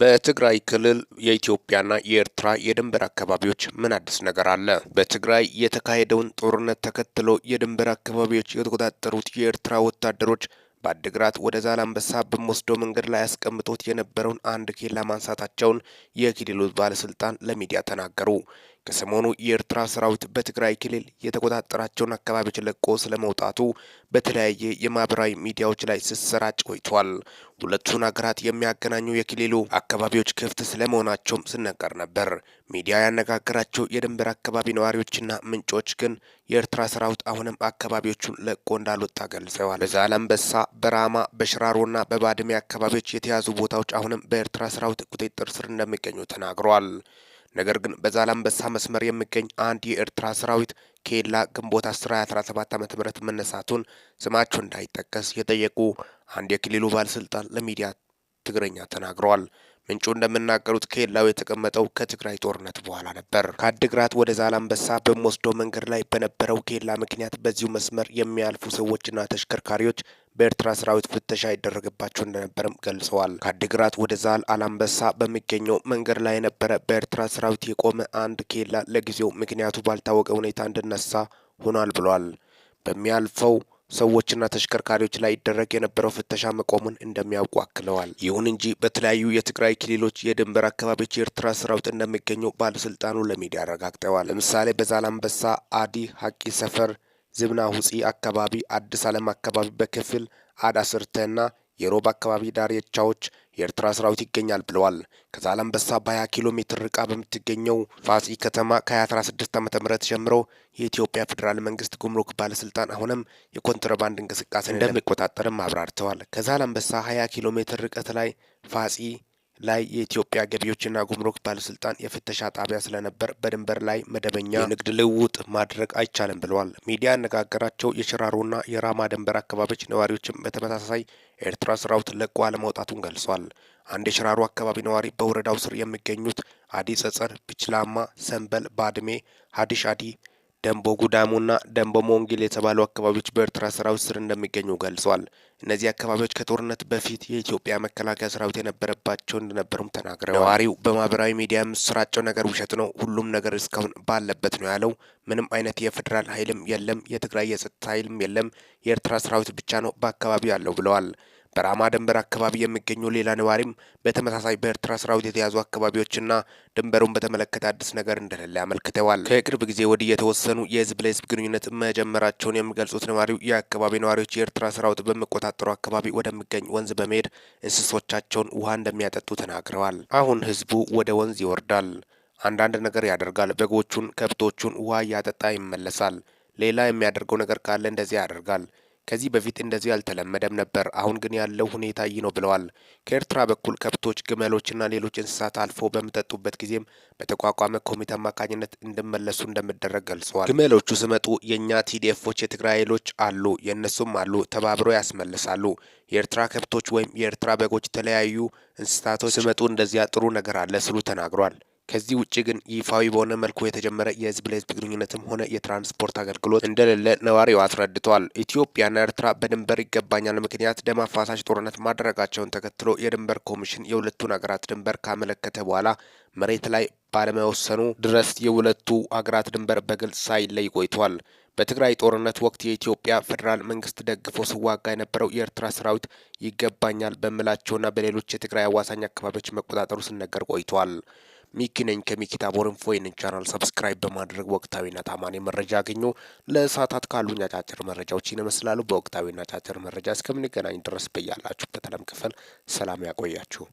በትግራይ ክልል የኢትዮጵያና የኤርትራ የድንበር አካባቢዎች ምን አዲስ ነገር አለ? በትግራይ የተካሄደውን ጦርነት ተከትሎ የድንበር አካባቢዎች የተቆጣጠሩት የኤርትራ ወታደሮች በአድግራት ወደ ዛላንበሳ በሚወስደው መንገድ ላይ አስቀምጦት የነበረውን አንድ ኬላ ማንሳታቸውን የክልሉ ባለስልጣን ለሚዲያ ተናገሩ። ከሰሞኑ የኤርትራ ሰራዊት በትግራይ ክልል የተቆጣጠራቸውን አካባቢዎች ለቆ ስለመውጣቱ በተለያየ የማህበራዊ ሚዲያዎች ላይ ስሰራጭ ቆይቷል። ሁለቱን ሀገራት የሚያገናኙ የክልሉ አካባቢዎች ክፍት ስለመሆናቸውም ስነገር ነበር። ሚዲያ ያነጋገራቸው የድንበር አካባቢ ነዋሪዎችና ምንጮች ግን የኤርትራ ሰራዊት አሁንም አካባቢዎቹን ለቆ እንዳልወጣ ገልጸዋል። በዛላምበሳ፣ በራማ፣ በሽራሮና በባድሜ አካባቢዎች የተያዙ ቦታዎች አሁንም በኤርትራ ሰራዊት ቁጥጥር ስር እንደሚገኙ ተናግሯል። ነገር ግን በዛላምበሳ መስመር የሚገኝ አንድ የኤርትራ ሰራዊት ኬላ ግንቦት 10 2017 ዓ.ም መነሳቱን ስማቸው እንዳይጠቀስ የጠየቁ አንድ የክልሉ ባለስልጣን ለሚዲያ ትግረኛ ተናግረዋል። ምንጩ እንደምናገሩት ኬላው የተቀመጠው ከትግራይ ጦርነት በኋላ ነበር። ከአድግራት ወደ ዛላምበሳ በሚወስደው መንገድ ላይ በነበረው ኬላ ምክንያት በዚሁ መስመር የሚያልፉ ሰዎችና ተሽከርካሪዎች በኤርትራ ሰራዊት ፍተሻ ይደረግባቸው እንደነበረም ገልጸዋል። ከአዲግራት ወደ ዛል አላምበሳ በሚገኘው መንገድ ላይ የነበረ በኤርትራ ሰራዊት የቆመ አንድ ኬላ ለጊዜው ምክንያቱ ባልታወቀ ሁኔታ እንድነሳ ሆኗል ብሏል። በሚያልፈው ሰዎችና ተሽከርካሪዎች ላይ ይደረግ የነበረው ፍተሻ መቆሙን እንደሚያውቁ አክለዋል። ይሁን እንጂ በተለያዩ የትግራይ ክልሎች የድንበር አካባቢዎች የኤርትራ ሰራዊት እንደሚገኘው ባለስልጣኑ ለሚዲያ አረጋግጠዋል። ለምሳሌ በዛላምበሳ አዲ ሀቂ ሰፈር ዝብና ውጪ አካባቢ፣ አዲስ ዓለም አካባቢ በከፊል አድ የሮብ አካባቢ ዳርቻዎች የኤርትራ ሰራዊት ይገኛል ብለዋል። ከዛላምበሳ በ20 ኪሎ ሜትር ርቃ በምትገኘው ፋጺ ከተማ ከ2016 ዓ ም ጀምሮ የኢትዮጵያ ፌዴራል መንግስት ጉምሩክ ባለስልጣን አሁንም የኮንትሮባንድ እንቅስቃሴ እንደሚቆጣጠርም አብራርተዋል። ከዛላምበሳ 20 ኪሎ ሜትር ርቀት ላይ ፋጺ ላይ የኢትዮጵያ ገቢዎችና ጉምሩክ ባለስልጣን የፍተሻ ጣቢያ ስለነበር በድንበር ላይ መደበኛ የንግድ ልውውጥ ማድረግ አይቻልም ብለዋል። ሚዲያ ያነጋገራቸው የሽራሮና የራማ ድንበር አካባቢዎች ነዋሪዎችም በተመሳሳይ ኤርትራ ሰራዊት ለቆ አለመውጣቱን ገልጿል። አንድ የሽራሮ አካባቢ ነዋሪ በወረዳው ስር የሚገኙት አዲ ጸጸር፣ ብችላማ፣ ሰንበል፣ ባድሜ፣ ሀዲሽ አዲ ደንቦ ጉዳሙና ደንቦ ሞንጌል የተባሉ አካባቢዎች በኤርትራ ሰራዊት ስር እንደሚገኙ ገልጿል። እነዚህ አካባቢዎች ከጦርነት በፊት የኢትዮጵያ መከላከያ ሰራዊት የነበረባቸው እንደነበሩም ተናግረዋል። ነዋሪው በማህበራዊ ሚዲያ የምሰራጨው ነገር ውሸት ነው፣ ሁሉም ነገር እስካሁን ባለበት ነው ያለው። ምንም አይነት የፌዴራል ኃይልም የለም፣ የትግራይ የጸጥታ ኃይልም የለም፣ የኤርትራ ሰራዊት ብቻ ነው በአካባቢው ያለው ብለዋል። በራማ ድንበር አካባቢ የሚገኙ ሌላ ነዋሪም በተመሳሳይ በኤርትራ ሰራዊት የተያዙ አካባቢዎችና ድንበሩን በተመለከተ አዲስ ነገር እንደሌለ አመልክተዋል። ከቅርብ ጊዜ ወዲህ የተወሰኑ የህዝብ ለህዝብ ግንኙነት መጀመራቸውን የሚገልጹት ነዋሪው የአካባቢ ነዋሪዎች የኤርትራ ሰራዊት በሚቆጣጠሩ አካባቢ ወደሚገኝ ወንዝ በመሄድ እንስሶቻቸውን ውሃ እንደሚያጠጡ ተናግረዋል። አሁን ህዝቡ ወደ ወንዝ ይወርዳል፣ አንዳንድ ነገር ያደርጋል፣ በጎቹን ከብቶቹን ውሃ እያጠጣ ይመለሳል። ሌላ የሚያደርገው ነገር ካለ እንደዚያ ያደርጋል። ከዚህ በፊት እንደዚህ አልተለመደም ነበር። አሁን ግን ያለው ሁኔታ ይህ ነው ብለዋል። ከኤርትራ በኩል ከብቶች፣ ግመሎችና ሌሎች እንስሳት አልፎ በሚጠጡበት ጊዜም በተቋቋመ ኮሚቴ አማካኝነት እንዲመለሱ እንደሚደረግ ገልጸዋል። ግመሎቹ ስመጡ የእኛ ቲዲኤፎች የትግራይ ኃይሎች አሉ፣ የእነሱም አሉ፣ ተባብሮ ያስመልሳሉ። የኤርትራ ከብቶች ወይም የኤርትራ በጎች፣ የተለያዩ እንስሳቶች ስመጡ እንደዚያ ጥሩ ነገር አለ ስሉ ተናግሯል። ከዚህ ውጭ ግን ይፋዊ በሆነ መልኩ የተጀመረ የህዝብ ለህዝብ ግንኙነትም ሆነ የትራንስፖርት አገልግሎት እንደሌለ ነዋሪው አስረድተዋል። ኢትዮጵያና ኤርትራ በድንበር ይገባኛል ምክንያት ደም አፋሳሽ ጦርነት ማድረጋቸውን ተከትሎ የድንበር ኮሚሽን የሁለቱን ሀገራት ድንበር ካመለከተ በኋላ መሬት ላይ ባለመወሰኑ ድረስ የሁለቱ ሀገራት ድንበር በግልጽ ሳይለይ ቆይቷል። በትግራይ ጦርነት ወቅት የኢትዮጵያ ፌዴራል መንግስት ደግፎ ሲዋጋ የነበረው የኤርትራ ሰራዊት ይገባኛል በምላቸውና በሌሎች የትግራይ አዋሳኝ አካባቢዎች መቆጣጠሩ ሲነገር ቆይቷል። ሚኪ ነኝ ከሚኪታ ቦርንፎ። ይህንን ቻናል ሰብስክራይብ በማድረግ ወቅታዊና ታማኒ መረጃ ያገኙ። ለእሳታት ካሉኝ አጫጭር መረጃዎች ይመስላሉ። በወቅታዊና አጫጭር መረጃ እስከምንገናኝ ድረስ በያላችሁበት ዓለም ክፍል ሰላም ያቆያችሁ።